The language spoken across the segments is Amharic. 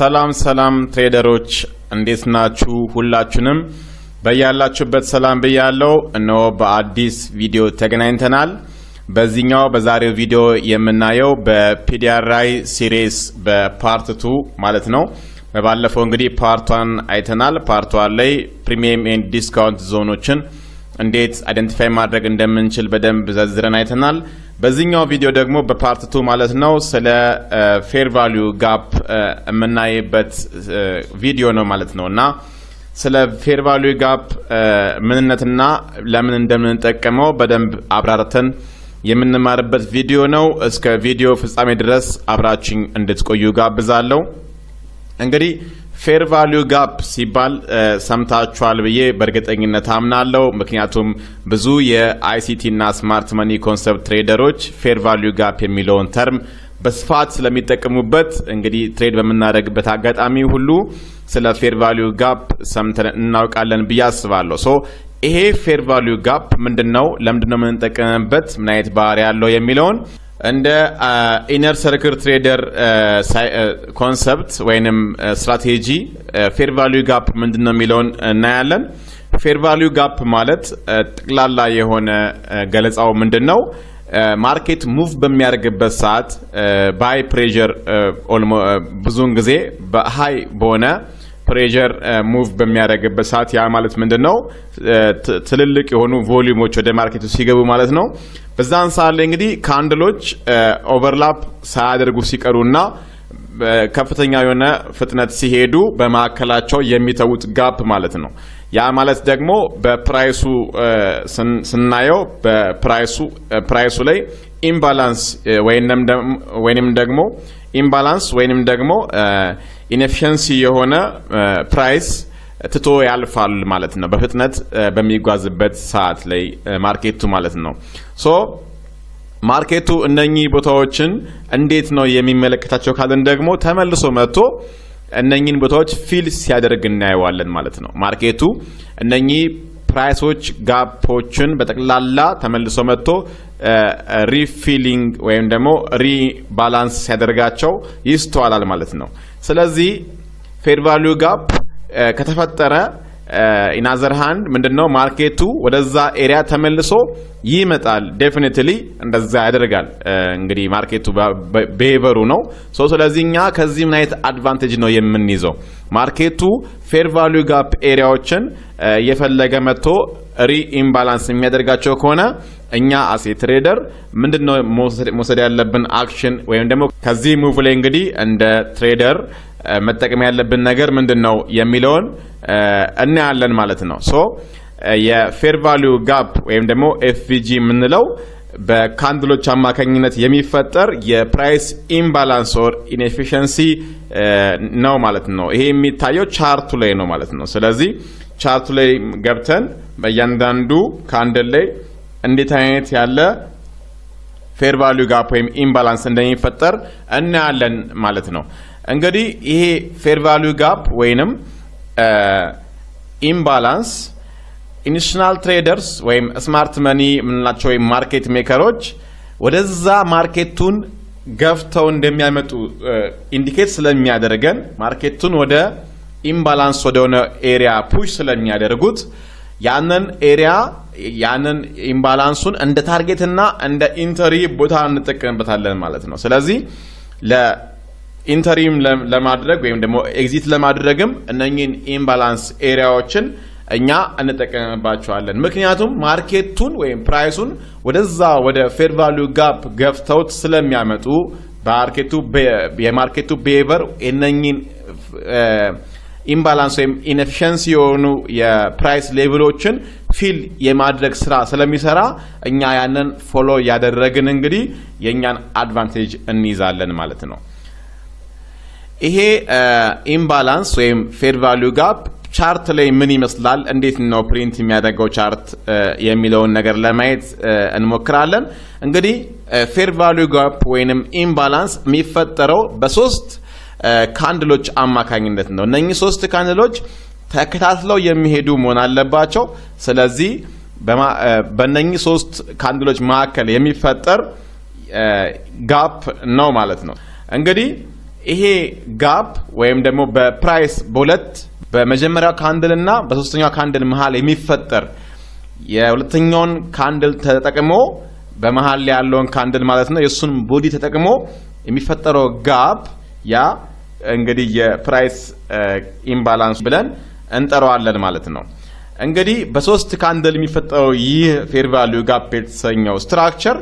ሰላም ሰላም ትሬደሮች እንዴት ናችሁ? ሁላችሁንም በያላችሁበት ሰላም ብያለው። እነሆ በአዲስ ቪዲዮ ተገናኝተናል። በዚህኛው በዛሬው ቪዲዮ የምናየው በፒዲአርአይ ሲሪስ ቱ ማለት ነው። በባለፈው እንግዲህ ፓርቷን አይተናል። ፓርቷን ላይ ፕሪሚየም ኤንድ ዲስካውንት ዞኖችን እንዴት አይደንቲፋይ ማድረግ እንደምንችል በደንብ ዘዝረን አይተናል። በዚህኛው ቪዲዮ ደግሞ በፓርት ቱ ማለት ነው ስለ ፌር ቫሊዩ ጋፕ የምናይበት ቪዲዮ ነው ማለት ነው እና ስለ ፌር ቫሊዩ ጋፕ ምንነትና ለምን እንደምንጠቀመው በደንብ አብራርተን የምንማርበት ቪዲዮ ነው። እስከ ቪዲዮ ፍጻሜ ድረስ አብራችኝ እንድትቆዩ ጋብዛለሁ። እንግዲህ ፌር ቫሊዩ ጋፕ ሲባል ሰምታችኋል ብዬ በእርግጠኝነት አምናለሁ። ምክንያቱም ብዙ የአይሲቲና ስማርት መኒ ኮንሰፕት ትሬደሮች ፌር ቫሊዩ ጋፕ የሚለውን ተርም በስፋት ስለሚጠቀሙበት እንግዲህ ትሬድ በምናደርግበት አጋጣሚ ሁሉ ስለ ፌር ቫሊዩ ጋፕ ሰምተን እናውቃለን ብዬ አስባለሁ። ሶ ይሄ ፌር ቫሊዩ ጋፕ ምንድን ነው? ለምንድነው የምንጠቀምበት? ምን አይነት ባህሪ ያለው የሚለውን እንደ ኢነር ሰርክል ትሬደር ኮንሰፕት ወይንም ስትራቴጂ ፌር ቫሊዩ ጋፕ ምንድን ነው የሚለውን እናያለን። ፌር ቫሉ ጋፕ ማለት ጠቅላላ የሆነ ገለጻው ምንድን ነው? ማርኬት ሙቭ በሚያደርግበት ሰዓት ባይ ፕሬር ብዙውን ጊዜ በሀይ በሆነ ፕሬር ሙቭ uh, በሚያደርግበት ሰዓት ያ ማለት ምንድን ነው? Uh, ትልልቅ የሆኑ ቮሊዩሞች ወደ ማርኬቱ ሲገቡ ማለት ነው። በዛን ሰዓት ላይ እንግዲህ ካንድሎች ኦቨርላፕ uh, ሳያደርጉ ሲቀሩና ከፍተኛ የሆነ ፍጥነት ሲሄዱ በማዕከላቸው የሚተዉት ጋፕ ማለት ነው። ያ ማለት ደግሞ በፕራይሱ ስናየው በፕራይሱ ላይ ኢምባላንስ ወይንም ደግሞ ኢምባላንስ ወይንም ደግሞ ኢነፊሸንሲ የሆነ ፕራይስ ትቶ ያልፋል ማለት ነው። በፍጥነት በሚጓዝበት ሰዓት ላይ ማርኬቱ ማለት ነው። ሶ ማርኬቱ እነኚህ ቦታዎችን እንዴት ነው የሚመለከታቸው ካለን ደግሞ ተመልሶ መጥቶ እነኚህን ቦታዎች ፊል ሲያደርግ እናየዋለን ማለት ነው። ማርኬቱ እነኚህ ፕራይሶች ጋፖችን በጠቅላላ ተመልሶ መጥቶ ሪፊሊንግ ወይም ደግሞ ሪባላንስ ሲያደርጋቸው ይስተዋላል ማለት ነው። ስለዚህ ፌር ጋፕ ከተፈጠረ ኢናዘር ሃንድ ምንድነው ማርኬቱ ወደዛ ኤሪያ ተመልሶ ይመጣል። ዴፊኒትሊ እንደዛ ያደርጋል። እንግዲህ ማርኬቱ ብሄበሩ ነው። ስለዚህ እኛ ከዚህ ምን አይነት አድቫንቴጅ ነው የምንይዘው? ማርኬቱ ፌር ቫሉ ጋፕ ኤሪያዎችን እየፈለገ መጥቶ ሪኢምባላንስ የሚያደርጋቸው ከሆነ እኛ አሴ ትሬደር ምንድነው መውሰድ ያለብን አክሽን ወይም ደግሞ ከዚህ ሙቭ ላይ እንግዲህ እንደ ትሬደር መጠቀም ያለብን ነገር ምንድን ነው የሚለውን እናያለን ማለት ነው። ሶ የፌር ቫሊዩ ጋፕ ወይም ደግሞ ኤፍቪጂ የምንለው በካንድሎች አማካኝነት የሚፈጠር የፕራይስ ኢምባላንስ ኦር ኢንኤፊሽንሲ ነው ማለት ነው። ይሄ የሚታየው ቻርቱ ላይ ነው ማለት ነው። ስለዚህ ቻርቱ ላይ ገብተን በእያንዳንዱ ካንድል ላይ እንዴት አይነት ያለ ፌር ቫሊዩ ጋፕ ወይም ኢምባላንስ እንደሚፈጠር እናያለን ማለት ነው። እንግዲህ ይሄ ፌር ቫሊዩ ጋፕ ወይንም ኢምባላንስ ኢንስቲቱሽናል ትሬደርስ ወይም ስማርት መኒ የምንላቸው ወይም ማርኬት ሜከሮች ወደዛ ማርኬቱን ገፍተው እንደሚያመጡ ኢንዲኬት ስለሚያደርገን ማርኬቱን ወደ ኢምባላንስ ወደሆነ ኤሪያ ፑሽ ስለሚያደርጉት ያንን ኤሪያ ያንን ኢምባላንሱን እንደ ታርጌትና እንደ ኢንተሪ ቦታ እንጠቀምበታለን ማለት ነው። ስለዚህ ኢንተሪም ለማድረግ ወይም ደግሞ ኤግዚት ለማድረግም እነኚህን ኢምባላንስ ኤሪያዎችን እኛ እንጠቀምባቸዋለን። ምክንያቱም ማርኬቱን ወይም ፕራይሱን ወደዛ ወደ ፌር ቫሉ ጋፕ ገፍተውት ስለሚያመጡ የማርኬቱ ቤቨር እነኚህን ኢምባላንስ ወይም ኢንኤፊሽንሲ የሆኑ የፕራይስ ሌቭሎችን ፊል የማድረግ ስራ ስለሚሰራ እኛ ያንን ፎሎ ያደረግን እንግዲህ የእኛን አድቫንቴጅ እንይዛለን ማለት ነው። ይሄ ኢምባላንስ ወይም ፌር ቫሉ ጋፕ ቻርት ላይ ምን ይመስላል፣ እንዴት ነው ፕሪንት የሚያደርገው ቻርት የሚለውን ነገር ለማየት እንሞክራለን። እንግዲህ ፌር ቫሉ ጋፕ ወይንም ኢምባላንስ የሚፈጠረው በሶስት ካንድሎች አማካኝነት ነው። እነኚህ ሶስት ካንድሎች ተከታትለው የሚሄዱ መሆን አለባቸው። ስለዚህ በእነኚህ ሶስት ካንድሎች መካከል የሚፈጠር ጋፕ ነው ማለት ነው እንግዲህ ይሄ ጋፕ ወይም ደግሞ በፕራይስ በሁለት በመጀመሪያው ካንድል እና በሶስተኛው ካንድል መሀል የሚፈጠር የሁለተኛውን ካንድል ተጠቅሞ በመሀል ላይ ያለውን ካንድል ማለት ነው የእሱን ቦዲ ተጠቅሞ የሚፈጠረው ጋፕ ያ እንግዲህ የፕራይስ ኢምባላንስ ብለን እንጠራዋለን ማለት ነው። እንግዲህ በሶስት ካንድል የሚፈጠረው ይህ ፌር ቫልዩ ጋፕ የተሰኘው ስትራክቸር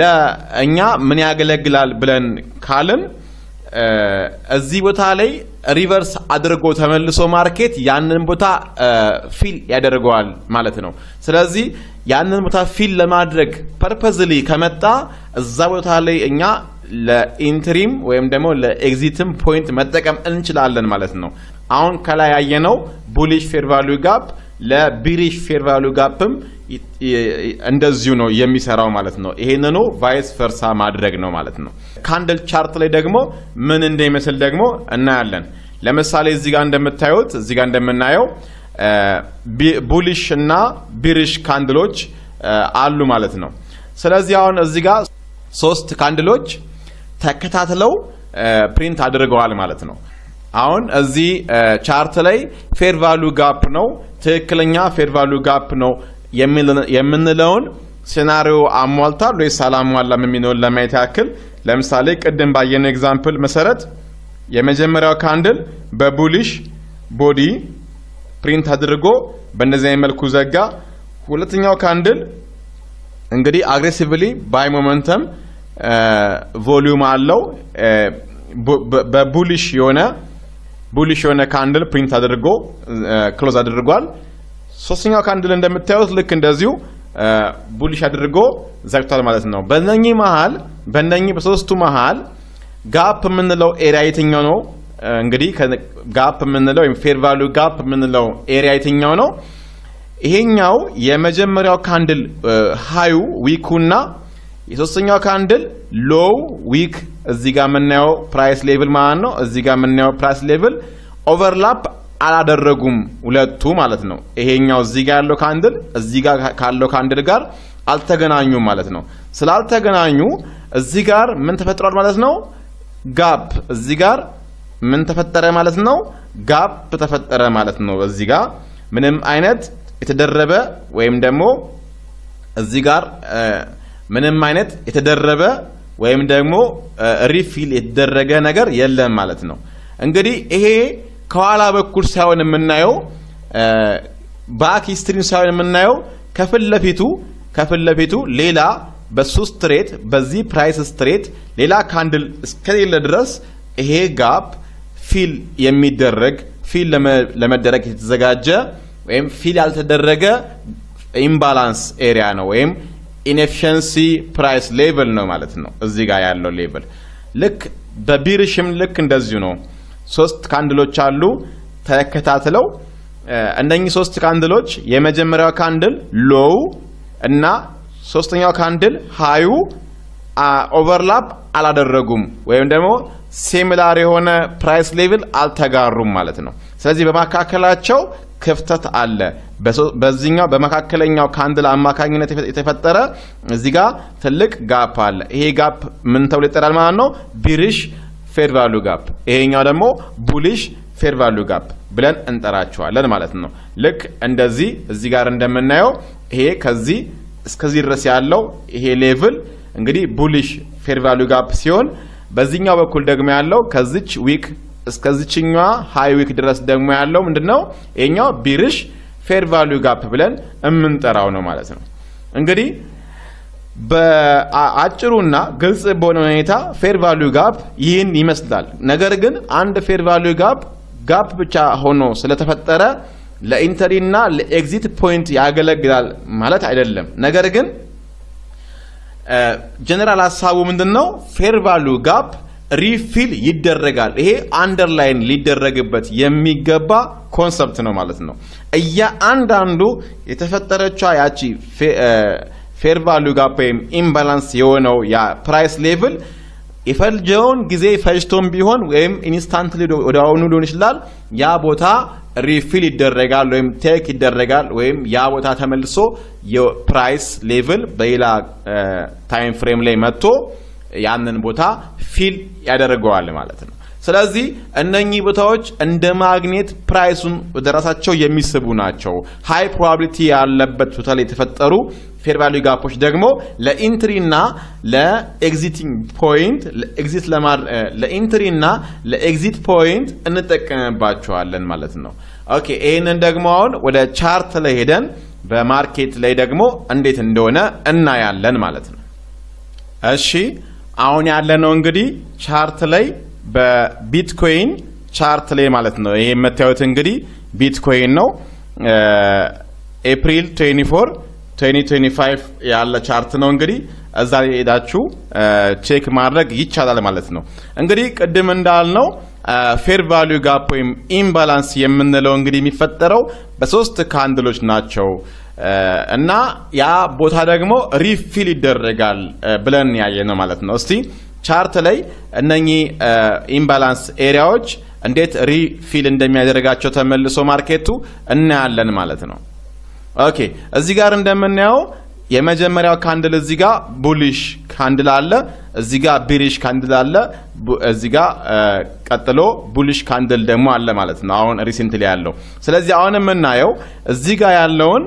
ለእኛ ምን ያገለግላል ብለን ካልን እዚህ ቦታ ላይ ሪቨርስ አድርጎ ተመልሶ ማርኬት ያንን ቦታ ፊል ያደርገዋል ማለት ነው። ስለዚህ ያንን ቦታ ፊል ለማድረግ ፐርፐዝሊ ከመጣ እዛ ቦታ ላይ እኛ ለኢንትሪም ወይም ደግሞ ለኤግዚትም ፖይንት መጠቀም እንችላለን ማለት ነው። አሁን ከላይ ያየነው ቡሊሽ ፌር ቫሉ ጋፕ ለብሪሽ ፌር ቫሉ ጋፕም እንደዚሁ ነው የሚሰራው ማለት ነው። ይሄንኑ ቫይስ ፈርሳ ማድረግ ነው ማለት ነው። ካንድል ቻርት ላይ ደግሞ ምን እንደሚመስል ደግሞ እናያለን። ለምሳሌ እዚህ ጋር እንደምታዩት እዚህ ጋር እንደምናየው ቡሊሽ እና ቢሪሽ ካንድሎች አሉ ማለት ነው። ስለዚህ አሁን እዚህ ጋር ሶስት ካንድሎች ተከታትለው ፕሪንት አድርገዋል ማለት ነው። አሁን እዚህ ቻርት ላይ ፌር ቫሉ ጋፕ ነው ትክክለኛ ፌር ቫሉ ጋፕ ነው የምንለውን ሴናሪዮ አሟልታል ወይስ አላሟላም የሚለውን ለማየት ያክል ለምሳሌ ቅድም ባየነው ኤግዛምፕል መሰረት የመጀመሪያው ካንድል በቡሊሽ ቦዲ ፕሪንት አድርጎ በእነዚያ መልኩ ዘጋ። ሁለተኛው ካንድል እንግዲህ አግሬሲቭሊ ባይ ሞመንተም ቮሊዩም አለው በቡሊሽ የሆነ ቡሊሽ የሆነ ካንድል ፕሪንት አድርጎ ክሎዝ አድርጓል። ሶስተኛው ካንድል እንደምታዩት ልክ እንደዚሁ ቡሊሽ አድርጎ ዘግቷል ማለት ነው። በነኚህ መሀል በነኚህ በሶስቱ መሀል ጋፕ የምንለው ኤሪያ የትኛው ነው? እንግዲህ ጋፕ የምንለው ወይም ፌር ቫሉ ጋፕ የምንለው ኤሪያ የትኛው ነው? ይሄኛው የመጀመሪያው ካንድል ሃዩ ዊኩና የሶስተኛው ካንድል ሎው ዊክ እዚህ ጋር የምናየው ፕራይስ ሌቭል ማለት ነው። እዚህ ጋር የምናየው ፕራይስ ሌቭል ኦቨርላፕ አላደረጉም ሁለቱ ማለት ነው። ይሄኛው እዚህ ጋር ያለው ካንድል እዚህ ጋር ካለው ካንድል ጋር አልተገናኙም ማለት ነው። ስላልተገናኙ እዚህ ጋር ምን ተፈጥሯል ማለት ነው? ጋፕ እዚህ ጋር ምን ተፈጠረ ማለት ነው? ጋፕ ተፈጠረ ማለት ነው። እዚህ ጋር ምንም አይነት የተደረበ ወይም ደግሞ እዚህ ጋር ምንም አይነት የተደረበ ወይም ደግሞ ሪፊል የተደረገ ነገር የለም ማለት ነው። እንግዲህ ይሄ ከኋላ በኩል ሳይሆን የምናየው ባክ ሂስትሪም ሳይሆን የምናየው ከፊት ለፊቱ ከፊት ለፊቱ ሌላ በሱ ስትሬት በዚህ ፕራይስ ስትሬት ሌላ ካንድል እስከሌለ ድረስ ይሄ ጋፕ ፊል የሚደረግ ፊል ለመደረግ የተዘጋጀ ወይም ፊል ያልተደረገ ኢምባላንስ ኤሪያ ነው ወይም ኢንኤፊሽንሲ ፕራይስ ሌቭል ነው ማለት ነው። እዚህ ጋር ያለው ሌቭል ልክ በቢርሽም ልክ እንደዚሁ ነው። ሶስት ካንድሎች አሉ ተከታትለው። እነኚህ ሶስት ካንድሎች የመጀመሪያው ካንድል ሎው እና ሶስተኛው ካንድል ሃዩ ኦቨርላፕ አላደረጉም ወይም ደግሞ ሲሚላር የሆነ ፕራይስ ሌቭል አልተጋሩም ማለት ነው። ስለዚህ በመካከላቸው ክፍተት አለ። በዚህኛው በመካከለኛው ካንድል አማካኝነት የተፈጠረ እዚህ ጋ ትልቅ ጋፕ አለ። ይሄ ጋፕ ምን ተብሎ ይጠራል ማለት ነው? ቢሪሽ ፌር ቫሉ ጋፕ፣ ይሄኛው ደግሞ ቡሊሽ ፌር ቫሉ ጋፕ ብለን እንጠራቸዋለን ማለት ነው። ልክ እንደዚህ እዚህ ጋር እንደምናየው ይሄ ከዚህ እስከዚህ ድረስ ያለው ይሄ ሌቭል እንግዲህ ቡሊሽ ፌር ቫሉ ጋፕ ሲሆን በዚህኛው በኩል ደግሞ ያለው ከዚች ዊክ እስከዚችኛዋ ሃይ ዊክ ድረስ ደግሞ ያለው ምንድን ነው? ይሄኛው ቢርሽ ፌር ቫሊዩ ጋፕ ብለን የምንጠራው ነው ማለት ነው። እንግዲህ በአጭሩና ግልጽ በሆነ ሁኔታ ፌር ቫሊዩ ጋፕ ይህን ይመስላል። ነገር ግን አንድ ፌር ቫሊዩ ጋፕ ጋፕ ብቻ ሆኖ ስለተፈጠረ ለኢንተሪ እና ለኤግዚት ፖይንት ያገለግላል ማለት አይደለም። ነገር ግን ጀነራል ሀሳቡ ምንድን ነው? ፌር ቫሊዩ ጋፕ ሪፊል ይደረጋል። ይሄ አንደርላይን ሊደረግበት የሚገባ ኮንሰፕት ነው ማለት ነው። እያንዳንዱ የተፈጠረቿ ያቺ ፌር ቫሉ ጋፕ ወይም ኢምባላንስ የሆነው የፕራይስ ሌቭል የፈልጀውን ጊዜ ፈጅቶም ቢሆን ወይም ኢንስታንት ወደአሁኑ ሊሆን ይችላል። ያ ቦታ ሪፊል ይደረጋል ወይም ቴክ ይደረጋል ወይም ያ ቦታ ተመልሶ የፕራይስ ሌቭል በሌላ ታይም ፍሬም ላይ መጥቶ ያንን ቦታ ፊል ያደርገዋል ማለት ነው። ስለዚህ እነኚህ ቦታዎች እንደ ማግኔት ፕራይሱን ወደ ራሳቸው የሚስቡ ናቸው። ሃይ ፕሮባቢሊቲ ያለበት ቦታ ላይ የተፈጠሩ ፌር ቫሉ ጋፖች ደግሞ ለኢንትሪ እና ለኤግዚቲንግ ፖይንት ለኤግዚት ለኢንትሪ እና ለኤግዚት ፖይንት እንጠቀምባቸዋለን ማለት ነው። ኦኬ ይህንን ደግሞ አሁን ወደ ቻርት ላይ ሄደን በማርኬት ላይ ደግሞ እንዴት እንደሆነ እናያለን ማለት ነው። እሺ አሁን ነው እንግዲህ ቻርት ላይ በቢትኮይን ቻርት ላይ ማለት ነው። ይሄ የምታዩት እንግዲህ ቢትኮይን ነው። ኤፕሪል 24 2025 ያለ ቻርት ነው እንግዲህ እዛ ሄዳችሁ ቼክ ማድረግ ይቻላል ማለት ነው። እንግዲህ ቅድም እንዳልነው ፌር ቫሊዩ ጋፕ ወይም ኢምባላንስ የምንለው እንግዲህ የሚፈጠረው በሶስት ካንድሎች ናቸው። እና ያ ቦታ ደግሞ ሪፊል ይደረጋል ብለን ያየ ነው ማለት ነው። እስቲ ቻርት ላይ እነኚህ ኢምባላንስ ኤሪያዎች እንዴት ሪፊል እንደሚያደርጋቸው ተመልሶ ማርኬቱ እናያለን ማለት ነው። ኦኬ እዚህ ጋር እንደምናየው የመጀመሪያው ካንድል እዚህ ጋ ቡሊሽ ካንድል አለ፣ እዚህ ጋ ቢሪሽ ካንድል አለ፣ እዚህ ጋ ቀጥሎ ቡሊሽ ካንድል ደግሞ አለ ማለት ነው። አሁን ሪሴንትሊ ያለው ስለዚህ አሁን የምናየው እዚህ ጋ ያለውን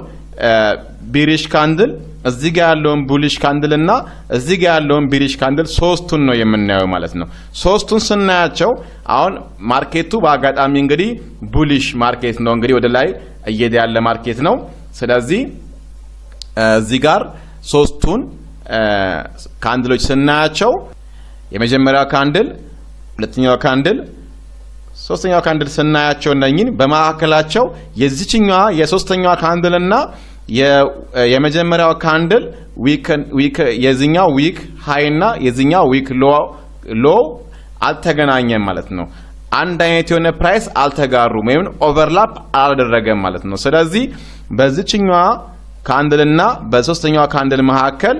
ቢሪሽ ካንድል እዚህ ጋር ያለውን ቡሊሽ ካንድል እና እዚህ ጋር ያለውን ቢሪሽ ካንድል ሶስቱን ነው የምናየው ማለት ነው። ሶስቱን ስናያቸው አሁን ማርኬቱ በአጋጣሚ እንግዲህ ቡሊሽ ማርኬት ነው እንግዲህ ወደ ላይ እየሄደ ያለ ማርኬት ነው። ስለዚህ እዚህ ጋር ሶስቱን ካንድሎች ስናያቸው የመጀመሪያው ካንድል፣ ሁለተኛው ካንድል ሶስተኛው ካንድል ስናያቸው እነኝን በመካከላቸው የዚችኛዋ የሶስተኛዋ ካንድልና የመጀመሪያው ካንድል የዚኛው ዊክ ሀይ እና የዚኛው ዊክ ሎ አልተገናኘም ማለት ነው። አንድ አይነት የሆነ ፕራይስ አልተጋሩም ወይም ኦቨርላፕ አላደረገም ማለት ነው። ስለዚህ በዚችኛዋ ካንድልና በሶስተኛዋ ካንድል መካከል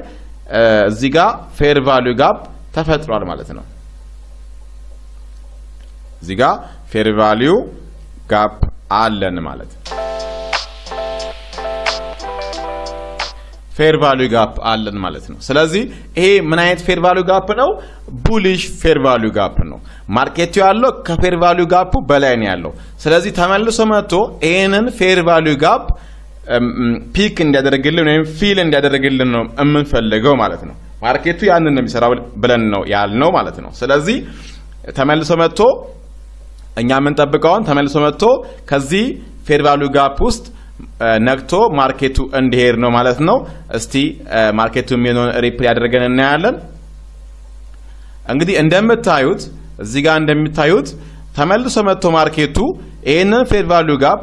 እዚህ ጋር ፌር ቫሉ ጋፕ ተፈጥሯል ማለት ነው። እዚህ ጋር ፌር ቫሊዩ ጋፕ አለን ማለት ፌር ቫሊዩ ጋፕ አለን ማለት ነው። ስለዚህ ይሄ ምን አይነት ፌር ቫሊዩ ጋፕ ነው? ቡሊሽ ፌር ቫሊዩ ጋፕ ነው። ማርኬቱ ያለው ከፌር ቫሊዩ ጋፑ በላይ ነው ያለው። ስለዚህ ተመልሶ መጥቶ ይህንን ፌር ቫሊዩ ጋፕ ፒክ እንዲያደርግልን ወይም ፊል እንዲያደርግልን ነው የምንፈልገው ማለት ነው። ማርኬቱ ያንን ነው የሚሰራው ብለን ነው ያልነው ማለት ነው። ስለዚህ ተመልሶ መጥቶ እኛ የምንጠብቀውን ተመልሶ መጥቶ ከዚህ ፌር ጋፕ ውስጥ ነግቶ ማርኬቱ እንዲሄድ ነው ማለት ነው። እስቲ ማርኬቱ የሚሆነውን ሪፕል ያደርገን እናያለን። እንግዲህ እንደምታዩት እዚህ ጋር እንደሚታዩት ተመልሶ መጥቶ ማርኬቱ ይህንን ፌር ጋፕ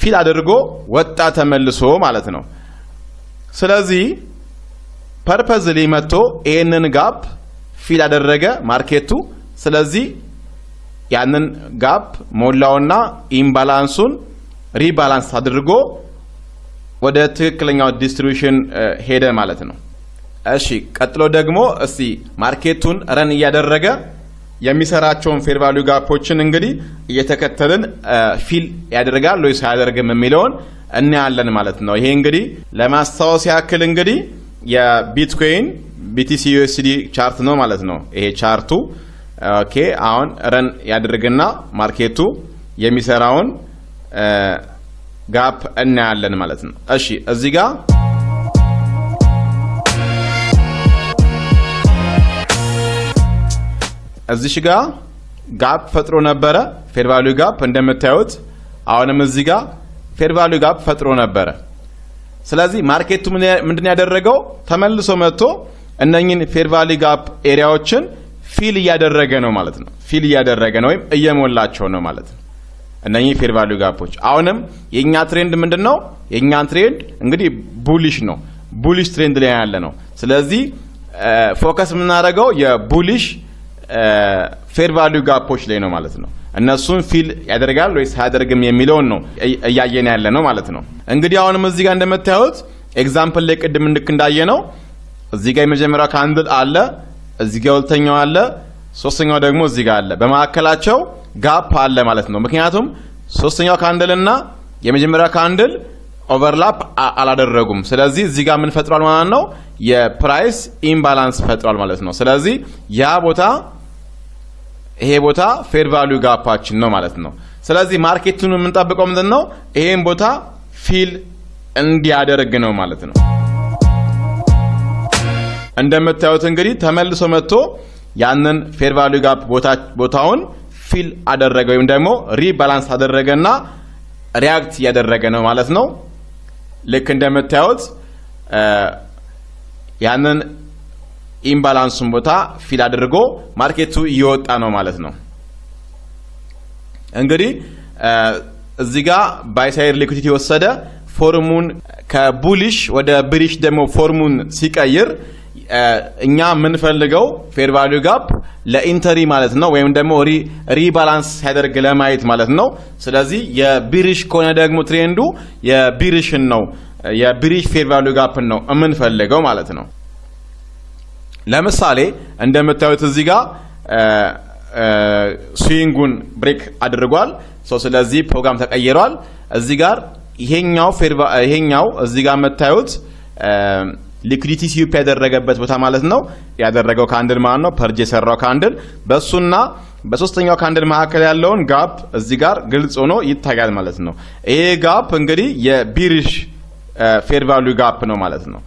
ፊል አድርጎ ወጣ ተመልሶ ማለት ነው። ስለዚህ ፐርፐዝሊ መጥቶ ይህንን ጋፕ ፊል አደረገ ማርኬቱ ስለዚህ ያንን ጋፕ ሞላውና ኢምባላንሱን ሪባላንስ አድርጎ ወደ ትክክለኛው ዲስትሪቢሽን ሄደ ማለት ነው። እሺ ቀጥሎ ደግሞ እስቲ ማርኬቱን ረን እያደረገ የሚሰራቸውን ፌር ቫሉ ጋፖችን እንግዲህ እየተከተልን ፊል ያደርጋል ወይስ አያደርግም የሚለውን እናያለን ማለት ነው። ይሄ እንግዲህ ለማስታወስ ያክል እንግዲህ የቢትኮይን ቢቲሲ ዩኤስዲ ቻርት ነው ማለት ነው ይሄ ቻርቱ ኦኬ አሁን ረን ያድርግና ማርኬቱ የሚሰራውን ጋፕ እናያለን ማለት ነው። እሺ እዚህ ጋር እዚህ ጋር ጋፕ ፈጥሮ ነበረ ፌር ቫሉ ጋፕ እንደምታዩት። አሁንም እዚህ ጋር ፌር ቫሉ ጋፕ ፈጥሮ ነበረ። ስለዚህ ማርኬቱ ምንድን ያደረገው ተመልሶ መጥቶ እነኝን ፌር ቫሉ ጋፕ ኤሪያዎችን ፊል እያደረገ ነው ማለት ነው። ፊል እያደረገ ነው ወይም እየሞላቸው ነው ማለት ነው። እነኚህ ፌር ቫሉ ጋፖች አሁንም የእኛ ትሬንድ ምንድን ነው? የእኛን ትሬንድ እንግዲህ ቡሊሽ ነው፣ ቡሊሽ ትሬንድ ላይ ያለ ነው። ስለዚህ ፎከስ የምናደርገው የቡሊሽ ፌር ቫሉ ጋፖች ላይ ነው ማለት ነው። እነሱን ፊል ያደርጋል ወይስ አያደርግም የሚለውን ነው እያየን ያለ ነው ማለት ነው። እንግዲህ አሁንም እዚህ ጋር እንደምታዩት ኤግዛምፕል ላይ ቅድም እንዳየ ነው እዚህ ጋር የመጀመሪያው ካንድል አለ እዚህ ጋር ሁለተኛው አለ፣ ሶስተኛው ደግሞ እዚህ ጋር አለ። በመካከላቸው ጋፕ አለ ማለት ነው። ምክንያቱም ሶስተኛው ካንድል እና የመጀመሪያ ካንድል ኦቨርላፕ አላደረጉም። ስለዚህ እዚህ ጋር ምን ፈጥሯል ማለት ነው? የፕራይስ ኢምባላንስ ፈጥሯል ማለት ነው። ስለዚህ ያ ቦታ ይሄ ቦታ ፌር ቫሊዩ ጋፓችን ነው ማለት ነው። ስለዚህ ማርኬቱን የምንጠብቀው ምንድን ነው? ይሄን ቦታ ፊል እንዲያደርግ ነው ማለት ነው። እንደምታዩት እንግዲህ ተመልሶ መጥቶ ያንን ፌር ቫሉ ጋፕ ቦታውን ፊል አደረገ ወይም ደግሞ ሪባላንስ አደረገና ሪያክት እያደረገ ነው ማለት ነው። ልክ እንደምታዩት ያንን ኢምባላንሱን ቦታ ፊል አድርጎ ማርኬቱ እየወጣ ነው ማለት ነው። እንግዲህ እዚህ ጋር ባይሳይድ ሊኩዲቲ የወሰደ ፎርሙን ከቡሊሽ ወደ ብሪሽ ደግሞ ፎርሙን ሲቀይር እኛ የምንፈልገው ፌር ቫሉ ጋፕ ለኢንተሪ ማለት ነው፣ ወይም ደግሞ ሪባላንስ ሲያደርግ ለማየት ማለት ነው። ስለዚህ የቢሪሽ ከሆነ ደግሞ ትሬንዱ የቢሪሽን ነው የቢሪሽ ፌር ቫሉ ጋፕን ነው የምንፈልገው ማለት ነው። ለምሳሌ እንደምታዩት እዚህ ጋር ስዊንጉን ብሬክ አድርጓል። ስለዚህ ፕሮግራም ተቀይሯል። እዚህ ጋር ይሄኛው ይሄኛው እዚህ ጋር የምታዩት ሊኩዲቲ ሲዩፕ ያደረገበት ቦታ ማለት ነው። ያደረገው ካንድል ማለት ነው። ፐርጅ የሰራው ካንድል በእሱና በሶስተኛው ካንድል መካከል ያለውን ጋፕ እዚህ ጋር ግልጽ ሆኖ ይታያል ማለት ነው። ይሄ ጋፕ እንግዲህ የቢሪሽ ፌር ቫሉ ጋፕ ነው ማለት ነው።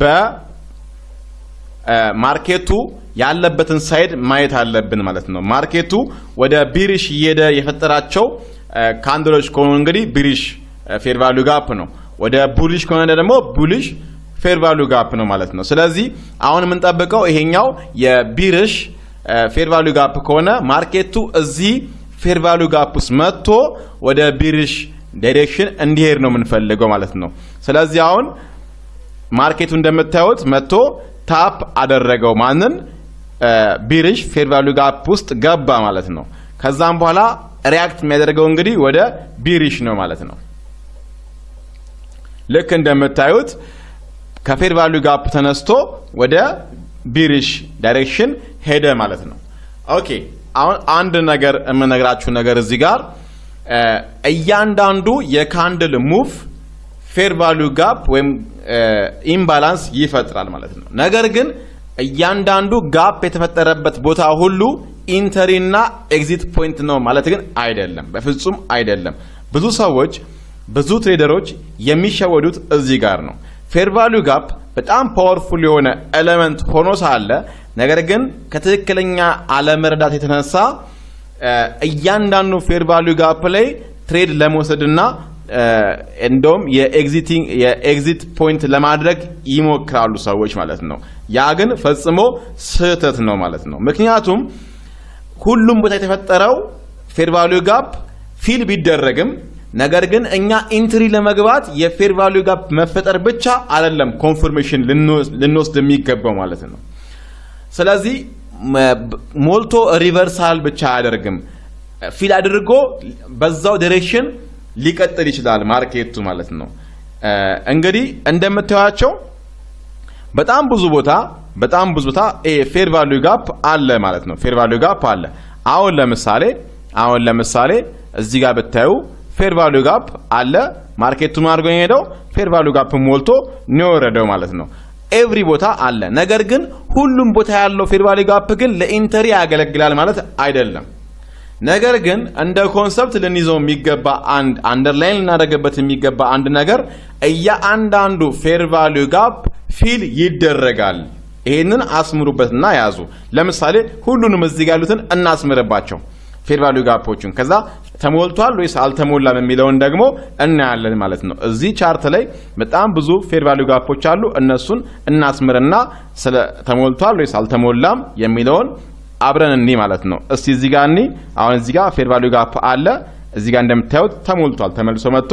በማርኬቱ ያለበትን ሳይድ ማየት አለብን ማለት ነው። ማርኬቱ ወደ ቢሪሽ እየሄደ የፈጠራቸው ካንድሎች ከሆኑ እንግዲህ ቢሪሽ ፌር ቫሉ ጋፕ ነው። ወደ ቡሊሽ ከሆነ ደግሞ ቡሊሽ ፌር ቫሉ ጋፕ ነው ማለት ነው። ስለዚህ አሁን የምንጠብቀው ይሄኛው የቢርሽ ፌር ቫሉ ጋፕ ከሆነ ማርኬቱ እዚህ ፌር ቫሉ ጋፕ ውስጥ መጥቶ ወደ ቢርሽ ዳይሬክሽን እንዲሄድ ነው የምንፈልገው ማለት ነው። ስለዚህ አሁን ማርኬቱ እንደምታዩት መጥቶ ታፕ አደረገው ማንን ቢርሽ ፌር ቫሉ ጋፕ ውስጥ ገባ ማለት ነው። ከዛም በኋላ ሪያክት የሚያደርገው እንግዲህ ወደ ቢሪሽ ነው ማለት ነው። ልክ እንደምታዩት ከፌር ቫሉ ጋፕ ተነስቶ ወደ ቢሪሽ ዳይሬክሽን ሄደ ማለት ነው። ኦኬ አሁን አንድ ነገር የምነግራችሁ ነገር እዚህ ጋር እያንዳንዱ የካንድል ሙቭ ፌር ቫሉ ጋፕ ወይም ኢምባላንስ ይፈጥራል ማለት ነው። ነገር ግን እያንዳንዱ ጋፕ የተፈጠረበት ቦታ ሁሉ ኢንተሪ እና ኤግዚት ፖይንት ነው ማለት ግን አይደለም፣ በፍጹም አይደለም። ብዙ ሰዎች ብዙ ትሬደሮች የሚሸወዱት እዚህ ጋር ነው። ፌር ቫሉ ጋፕ በጣም ፓወርፉል የሆነ ኤለመንት ሆኖ ሳለ ነገር ግን ከትክክለኛ አለመረዳት የተነሳ እያንዳንዱ ፌር ቫሉ ጋፕ ላይ ትሬድ ለመውሰድ ና እንደውም የኤግዚት ፖይንት ለማድረግ ይሞክራሉ ሰዎች ማለት ነው። ያ ግን ፈጽሞ ስህተት ነው ማለት ነው። ምክንያቱም ሁሉም ቦታ የተፈጠረው ፌር ቫሉ ጋፕ ፊል ቢደረግም ነገር ግን እኛ ኢንትሪ ለመግባት የፌር ቫሉ ጋፕ መፈጠር ብቻ አይደለም ኮንፍርሜሽን ልንወስድ የሚገባው ማለት ነው። ስለዚህ ሞልቶ ሪቨርሳል ብቻ አያደርግም። ፊል አድርጎ በዛው ዲሬክሽን ሊቀጥል ይችላል ማርኬቱ ማለት ነው። እንግዲህ እንደምታዩቸው በጣም ብዙ ቦታ በጣም ብዙ ቦታ ፌር ቫሉ ጋፕ አለ ማለት ነው። ፌር ቫሉ ጋፕ አለ። አሁን ለምሳሌ አሁን ለምሳሌ እዚህ ጋር ብታዩ ፌር ቫሉ ጋፕ አለ። ማርኬቱ አድርጎ የሄደው ፌር ቫሉ ጋፕ ሞልቶ ነው የወረደው ማለት ነው። ኤቭሪ ቦታ አለ። ነገር ግን ሁሉም ቦታ ያለው ፌር ቫሉ ጋፕ ግን ለኢንተሪ ያገለግላል ማለት አይደለም። ነገር ግን እንደ ኮንሰፕት ልንይዘው የሚገባ አንድ አንደርላይን ልናደርግበት የሚገባ አንድ ነገር እያንዳንዱ ፌር ቫሉ ጋፕ ፊል ይደረጋል። ይህንን አስምሩበትና ያዙ። ለምሳሌ ሁሉንም እዚህ ያሉትን እናስምርባቸው። ፌር ቫሉ ጋፖቹን ከዛ ተሞልቷል ወይስ አልተሞላም የሚለውን ደግሞ እናያለን ማለት ነው። እዚህ ቻርት ላይ በጣም ብዙ ፌር ጋፖች አሉ። እነሱን እናስምርና ስለ ተሞልቷል ወይስ አልተሞላም የሚለውን አብረን እኒ ማለት ነው። እስቲ እዚህ ጋር እኒ አሁን እዚህ ጋር ፌር ጋፕ አለ። እዚህ ጋር እንደምታዩት ተሞልቷል። ተመልሶ መጥቶ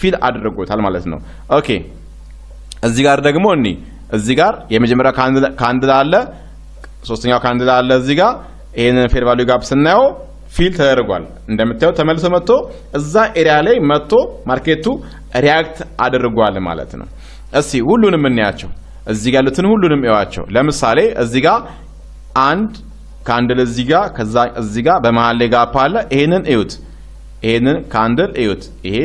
ፊል አድርጎታል ማለት ነው። ኦኬ እዚህ ጋር ደግሞ እኒ እዚህ ጋር የመጀመሪያ ካንድል አለ፣ ሶስተኛው ካንድል አለ። እዚህ ጋር ይሄንን ፌር ጋፕ ስናየው ፊል ተደርጓል። እንደምታየው ተመልሶ መጥቶ እዛ ኤሪያ ላይ መጥቶ ማርኬቱ ሪያክት አድርጓል ማለት ነው። እስቲ ሁሉንም እናያቸው። እዚህ ጋር ያሉትን ሁሉንም እዋቸው። ለምሳሌ እዚህ ጋር አንድ ካንድል እዚህ ጋር ከዛ እዚህ ጋር በመሃል ላይ ጋፕ አለ። ይሄንን እዩት፣ ይሄንን ካንድል እዩት። ይሄ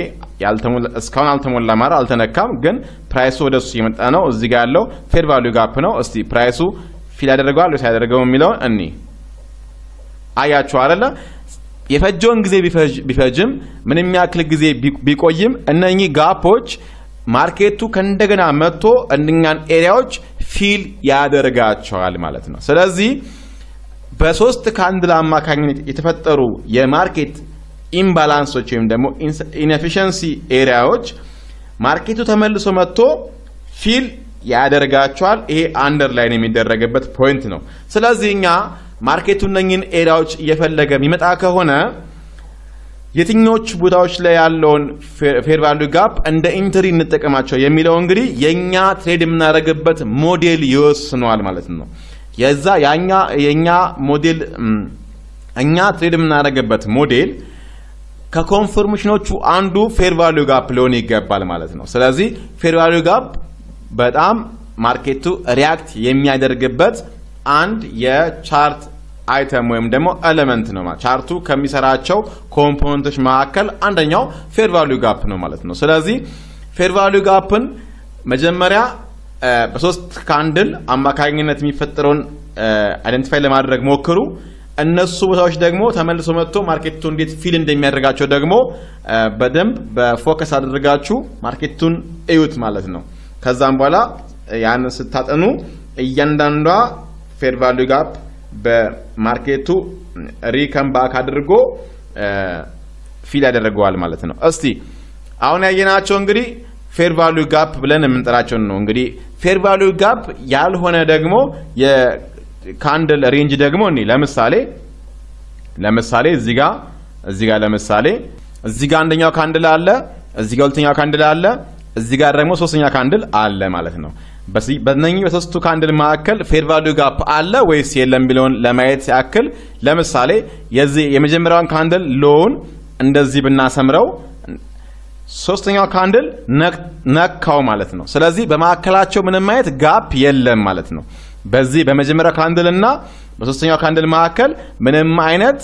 ያልተሞላ እስካሁን አልተሞላ ማለት አልተነካም፣ ግን ፕራይሱ ወደሱ የመጣ ነው። እዚህ ጋር ያለው ፌር ቫልዩ ጋፕ ነው። እስቲ ፕራይሱ ፊል ያደርገዋል ወይስ ያደርገው የሚለውን አያችሁ አለ የፈጀውን ጊዜ ቢፈጅም ምንም ያክል ጊዜ ቢቆይም እነኚህ ጋፖች ማርኬቱ ከእንደገና መጥቶ እንኛን ኤሪያዎች ፊል ያደርጋቸዋል ማለት ነው። ስለዚህ በሶስት ካንድል አማካኝነት የተፈጠሩ የማርኬት ኢምባላንሶች ወይም ደግሞ ኢንኤፊሽንሲ ኤሪያዎች ማርኬቱ ተመልሶ መጥቶ ፊል ያደርጋቸዋል። ይሄ አንደርላይን የሚደረግበት ፖይንት ነው። ስለዚህ እኛ ማርኬቱ እነኝን ኤሪያዎች እየፈለገ የሚመጣ ከሆነ የትኞቹ ቦታዎች ላይ ያለውን ፌር ቫሉ ጋፕ እንደ ኢንትሪ እንጠቀማቸው የሚለው እንግዲህ የእኛ ትሬድ የምናደርግበት ሞዴል ይወስነዋል ማለት ነው። የዛ ያኛ የእኛ ሞዴል እኛ ትሬድ የምናደርግበት ሞዴል ከኮንፈርሜሽኖቹ አንዱ ፌር ቫሉ ጋፕ ሊሆን ይገባል ማለት ነው። ስለዚህ ፌር ቫሉ ጋፕ በጣም ማርኬቱ ሪያክት የሚያደርግበት አንድ የቻርት አይተም ወይም ደግሞ ኤለመንት ነው ማለት ቻርቱ ከሚሰራቸው ኮምፖነንቶች መካከል አንደኛው ፌር ቫሊዩ ጋፕ ነው ማለት ነው። ስለዚህ ፌር ቫሊዩ ጋፕን መጀመሪያ በሶስት ካንድል አማካኝነት የሚፈጠረውን አይደንቲፋይ ለማድረግ ሞክሩ። እነሱ ቦታዎች ደግሞ ተመልሶ መጥቶ ማርኬቱ እንዴት ፊል እንደሚያደርጋቸው ደግሞ በደንብ በፎከስ አድርጋችሁ ማርኬቱን እዩት ማለት ነው። ከዛም በኋላ ያን ስታጠኑ እያንዳንዷ ፌር ቫሊዩ ጋፕ በማርኬቱ ሪከም ባክ አድርጎ ፊል ያደረገዋል ማለት ነው። እስቲ አሁን ያየናቸው እንግዲህ ፌር ቫሉ ጋፕ ብለን የምንጠራቸውን ነው። እንግዲህ ፌር ቫሉ ጋፕ ያልሆነ ደግሞ የካንድል ሬንጅ ደግሞ እኔ ለምሳሌ ለምሳሌ እዚህ ጋር እዚህ ጋር ለምሳሌ እዚህ ጋር አንደኛው ካንድል አለ፣ እዚህ ጋር ሁለተኛው ካንድል አለ፣ እዚህ ጋር ደግሞ ሶስተኛ ካንድል አለ ማለት ነው። በነኚህ በሶስቱ ካንድል መካከል ፌር ቫሉ ጋፕ አለ ወይስ የለም ቢለውን ለማየት ያክል ለምሳሌ የዚህ የመጀመሪያውን ካንድል ሎውን እንደዚህ ብናሰምረው ሶስተኛው ካንድል ነካው ማለት ነው። ስለዚህ በማዕከላቸው ምንም አይነት ጋፕ የለም ማለት ነው። በዚህ በመጀመሪያው ካንድል እና በሶስተኛው ካንድል መካከል ምንም አይነት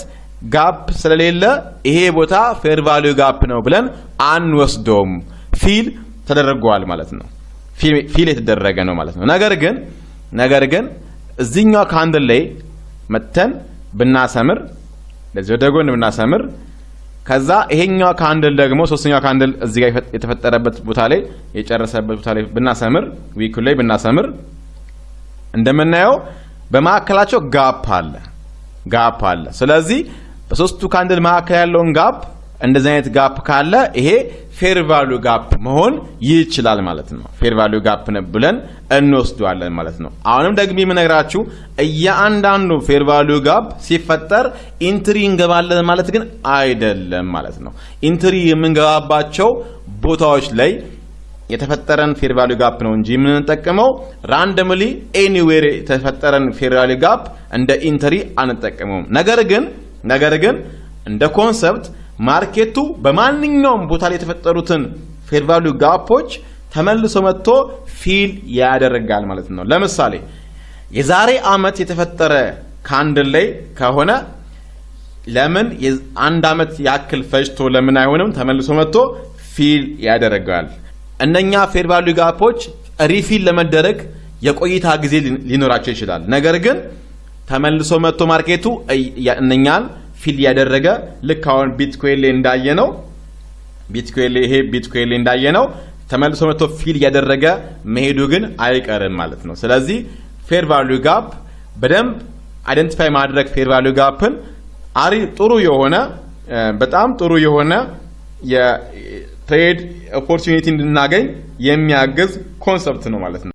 ጋፕ ስለሌለ ይሄ ቦታ ፌር ቫሉ ጋፕ ነው ብለን አንወስዶም ፊል ተደርጓል ማለት ነው። ፊል የተደረገ ነው ማለት ነው። ነገር ግን ነገር ግን እዚኛው ካንድል ላይ መተን ብናሰምር ለዚህ ወደ ጎን ብናሰምር ከዛ ይሄኛው ካንድል ደግሞ ሶስተኛው ካንድል እዚህ ጋር የተፈጠረበት ቦታ ላይ የጨረሰበት ቦታ ላይ ብናሰምር ዊኩል ላይ ብናሰምር እንደምናየው በማዕከላቸው ጋፕ አለ ጋፕ አለ። ስለዚህ በሶስቱ ካንድል መካከል ያለውን ጋፕ እንደዚህ አይነት ጋፕ ካለ ይሄ ፌር ቫሉ ጋፕ መሆን ይችላል ማለት ነው። ፌር ቫሉ ጋፕ ብለን እንወስደዋለን ማለት ነው። አሁንም ደግሜ የምነግራችሁ እያንዳንዱ ፌር ቫሉ ጋፕ ሲፈጠር ኢንትሪ እንገባለን ማለት ግን አይደለም ማለት ነው። ኢንትሪ የምንገባባቸው ቦታዎች ላይ የተፈጠረን ፌር ቫሉ ጋፕ ነው እንጂ የምንጠቀመው ራንደምሊ ኤኒዌር የተፈጠረን ፌር ቫሉ ጋፕ እንደ ኢንትሪ አንጠቀመውም። ነገር ግን ነገር ግን እንደ ኮንሰፕት ማርኬቱ በማንኛውም ቦታ ላይ የተፈጠሩትን ፌር ቫሉ ጋፖች ተመልሶ መጥቶ ፊል ያደርጋል ማለት ነው። ለምሳሌ የዛሬ አመት የተፈጠረ ካንድል ላይ ከሆነ ለምን አንድ አመት ያክል ፈጅቶ ለምን አይሆንም ተመልሶ መጥቶ ፊል ያደርጋል። እነኛ ፌር ቫሉ ጋፖች ሪፊል ለመደረግ የቆይታ ጊዜ ሊኖራቸው ይችላል። ነገር ግን ተመልሶ መጥቶ ማርኬቱ እነኛን ፊል ያደረገ ልክ አሁን ቢትኮይን ላይ እንዳየ ነው። ቢትኮይን ላይ ይሄ ቢትኮይን ላይ እንዳየ ነው ተመልሶ መጥቶ ፊል ያደረገ መሄዱ ግን አይቀርም ማለት ነው። ስለዚህ ፌር ቫሉ ጋፕ በደንብ አይደንቲፋይ ማድረግ ፌር ቫሉ ጋፕን አሪ ጥሩ የሆነ በጣም ጥሩ የሆነ የትሬድ ኦፖርቹኒቲ እንድናገኝ የሚያግዝ ኮንሰፕት ነው ማለት ነው።